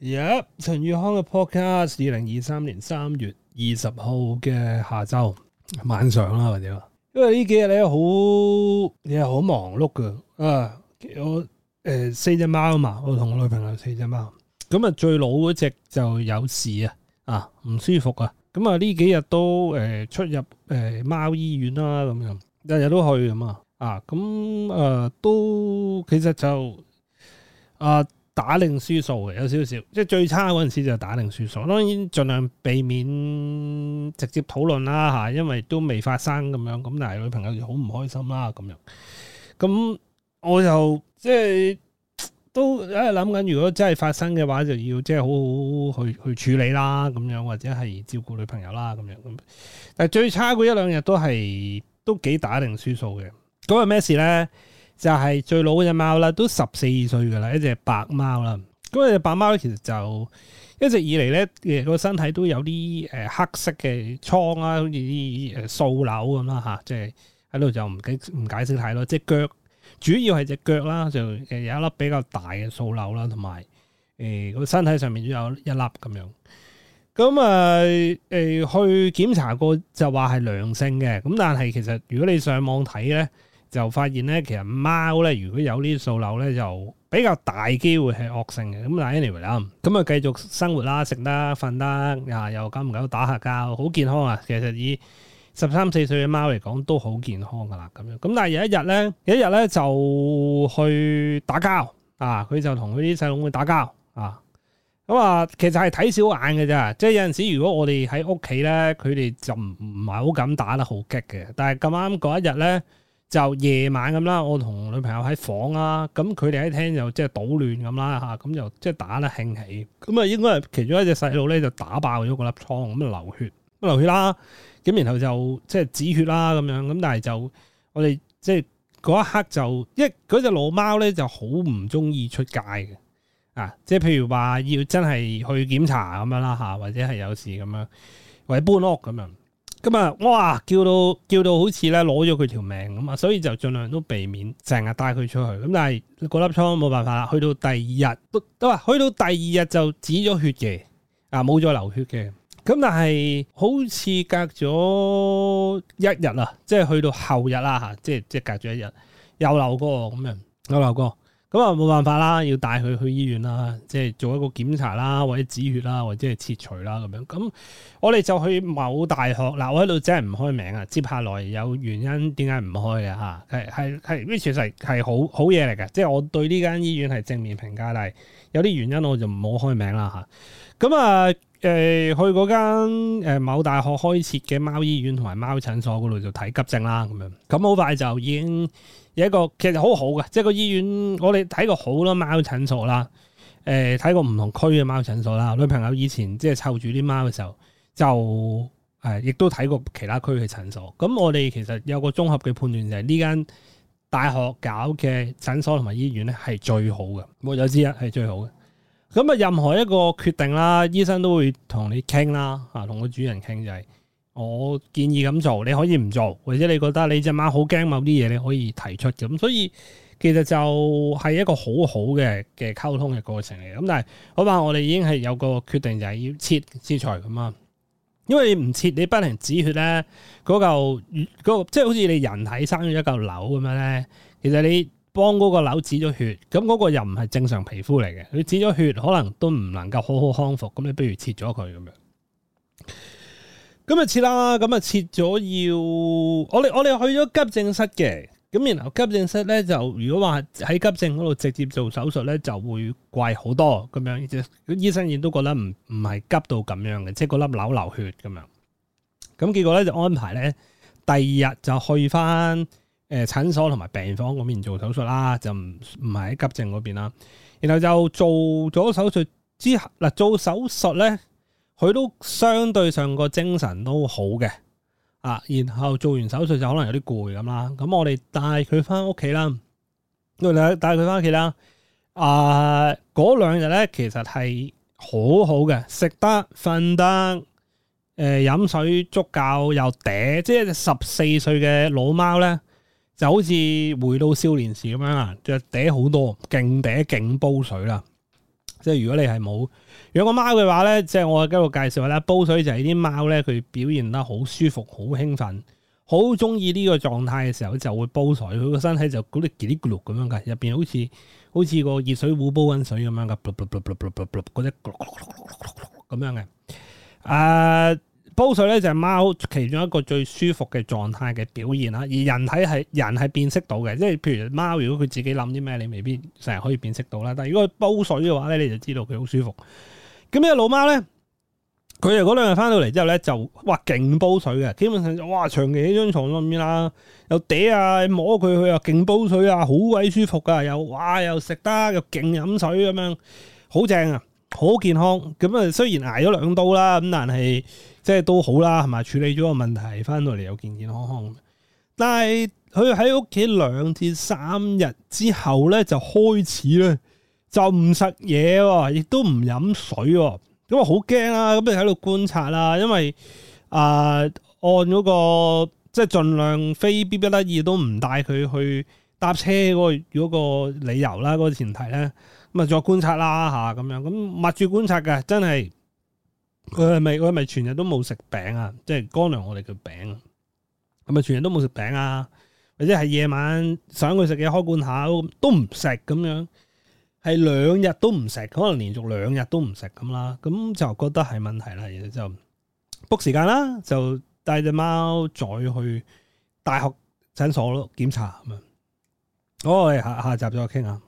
入陳宇康嘅 podcast，二零二三年三月二十號嘅下晝晚上啦，或者，因為呢幾日你好，你係好忙碌㗎。啊！我誒、呃、四隻貓啊嘛，我同我女朋友四隻貓，咁啊最老嗰隻就有事啊，啊唔舒服啊，咁啊呢幾日都誒、呃、出入誒貓、呃、醫院啦、啊，咁樣日日都去啊嘛，啊咁都、呃、其實就啊。打定輸數嘅有少少，即係最差嗰陣時就打定輸數。當然盡量避免直接討論啦，吓，因為都未發生咁樣，咁但係女朋友就好唔開心啦，咁樣。咁我就，即係都喺度諗緊，如果真係發生嘅話，就要即係好好去去處理啦，咁樣或者係照顧女朋友啦，咁樣。但係最差嗰一兩日都係都幾打定輸數嘅。咁係咩事咧？就係、是、最老嗰隻貓啦，都十四歲噶啦，一隻白貓啦。咁啊，隻白貓咧，其實就一直以嚟咧，個身體都有啲誒黑色嘅瘡啦，好似啲誒數瘤咁啦嚇。即係喺度就唔解唔解釋睇咯，即係腳主要係隻腳啦，就誒有一粒比較大嘅數瘤啦，同埋誒個身體上面都有一粒咁樣。咁啊誒去檢查過就話係良性嘅，咁但係其實如果你上網睇咧。就發現咧，其實貓咧，如果有呢啲腫瘤咧，就比較大機會係惡性嘅。咁但係 anyway 啦，咁啊繼續生活啦，食啦，瞓啦，啊，又久唔久打下交，好健康啊。其實以十三四歲嘅貓嚟講，都好健康噶啦。咁樣咁，但係有一日咧，有一日咧就去打交啊，佢就同佢啲細佬會打交啊。咁啊，其實係睇小眼嘅啫。即係有陣時，如果我哋喺屋企咧，佢哋就唔唔係好敢打得好激嘅。但係咁啱嗰一日咧。就夜晚咁啦，我同女朋友喺房啊，咁佢哋喺廳就即係搗亂咁啦嚇，咁就即係打得興起，咁啊應該係其中一隻細路咧就打爆咗個粒瘡咁啊流血，流血啦，咁然後就即係止血啦咁樣，咁但係就我哋即係嗰一刻就，因為嗰隻老貓咧就好唔中意出街嘅，啊，即係譬如話要真係去檢查咁樣啦嚇，或者係有事咁樣，或者搬屋咁樣。咁啊，哇！叫到叫到好似咧攞咗佢條命咁啊，所以就盡量都避免，成日帶佢出去。咁但係嗰粒瘡冇辦法啦。去到第二日都都話，去到第二日就止咗血嘅，啊冇再流血嘅。咁但係好似隔咗一日啊，即係去到後日啦吓，即係即係隔咗一日又流過咁樣，又流過。咁啊，冇辦法啦，要帶佢去醫院啦，即係做一個檢查啦，或者止血啦，或者係切除啦咁樣。咁我哋就去某大學嗱，我喺度，真係唔開名啊！接下來有原因點解唔開嘅吓，係係係，呢啲其實係好好嘢嚟嘅，即係我對呢間醫院係正面評價，但係有啲原因我就唔好開名啦吓，咁啊～誒，去嗰間誒某大學開設嘅貓醫院同埋貓診所嗰度就睇急症啦，咁樣咁好快就已經有一個其實好好嘅。即係個醫院我哋睇過好多貓診所啦，誒睇過唔同區嘅貓診所啦。女朋友以前即係湊住啲貓嘅時候，就誒亦都睇過其他區嘅診所。咁我哋其實有個綜合嘅判斷就係呢間大學搞嘅診所同埋醫院咧係最好嘅，冇有之一係最好嘅。咁啊，任何一個決定啦，醫生都會同你傾啦，啊，同個主人傾就係，我建議咁做，你可以唔做，或者你覺得你隻貓好驚某啲嘢，你可以提出。咁所以其實就係一個好好嘅嘅溝通嘅過程嚟嘅。咁但係好話，我哋已經係有個決定，就係要切切除咁啊。因為你唔切，你不能止血咧，嗰嚿嗰個即係好似你人體生咗一嚿瘤咁樣咧，其實你，幫嗰個瘤止咗血，咁嗰個又唔係正常皮膚嚟嘅，佢止咗血可能都唔能夠好好康復，咁你不如切咗佢咁樣，咁就切啦，咁啊切咗要我哋我哋去咗急症室嘅，咁然後急症室咧就如果話喺急症嗰度直接做手術咧就會貴好多咁樣，醫生亦都覺得唔唔係急到咁樣嘅，即係嗰粒瘤流血咁樣，咁結果咧就安排咧第二日就去翻。誒診所同埋病房嗰邊做手術啦，就唔唔係喺急症嗰邊啦。然後就做咗手術之後，嗱、呃、做手術咧，佢都相對上個精神都好嘅啊。然後做完手術就可能有啲攰咁啦。咁我哋帶佢返屋企啦，帶帶佢返屋企啦。啊、呃，嗰兩日咧其實係好好嘅，食得瞓得，誒飲、呃、水足夠又嗲，即係十四歲嘅老貓咧。就好似回到少年時咁樣啊，就嗲好多，勁嗲勁煲水啦。即係如果你係冇養個貓嘅話呢，即係我今日介紹啦，煲水就係啲貓呢，佢表現得好舒服、好興奮、好鍾意呢個狀態嘅時候，就會煲水。佢個身體就嗰啲咕嚦咕碌咁樣㗎。入面好似好似個熱水壺煲緊水咁樣㗎。咕咕咕咕咕咕咕咕咕咁樣嘅。煲水咧就係貓其中一個最舒服嘅狀態嘅表現啦，而人體係人係辨識到嘅，即係譬如貓如果佢自己諗啲咩，你未必成日可以辨識到啦。但係如果佢煲水嘅話咧，你就知道佢好舒服。咁呢隻老貓咧，佢哋嗰兩日翻到嚟之後咧，就哇勁煲水嘅，基本上哇長期喺張床裏面咁樣啦，又嗲啊，摸佢佢又勁煲水啊，好鬼舒服噶，又哇又食得又勁飲水咁樣，好正啊，好健康。咁啊雖然挨咗兩刀啦，咁但係。即係都好啦，係咪？處理咗個問題，翻到嚟又健健康康。但係佢喺屋企兩至三日之後咧，就開始咧就唔食嘢，亦都唔飲水。咁啊，好驚啊，咁不如喺度觀察啦、啊，因為啊、呃，按嗰、那個即係盡量非必不得已都唔帶佢去搭車嗰個個理由啦，嗰、那個前提咧，咁啊，再觀察啦吓，咁樣咁密住觀察嘅，真係。佢係咪？佢係咪？全日都冇食餅啊，即係乾糧，我哋嘅餅，係咪全日都冇食餅啊？或者係夜晚上想去食嘢開罐下，都唔食咁樣，係兩日都唔食，可能連續兩日都唔食咁啦。咁就覺得係問題啦，就時間啦，就 book 時間啦，就帶隻貓再去大學診所咯檢查咁樣。嗰、好、我哋下下集再傾下。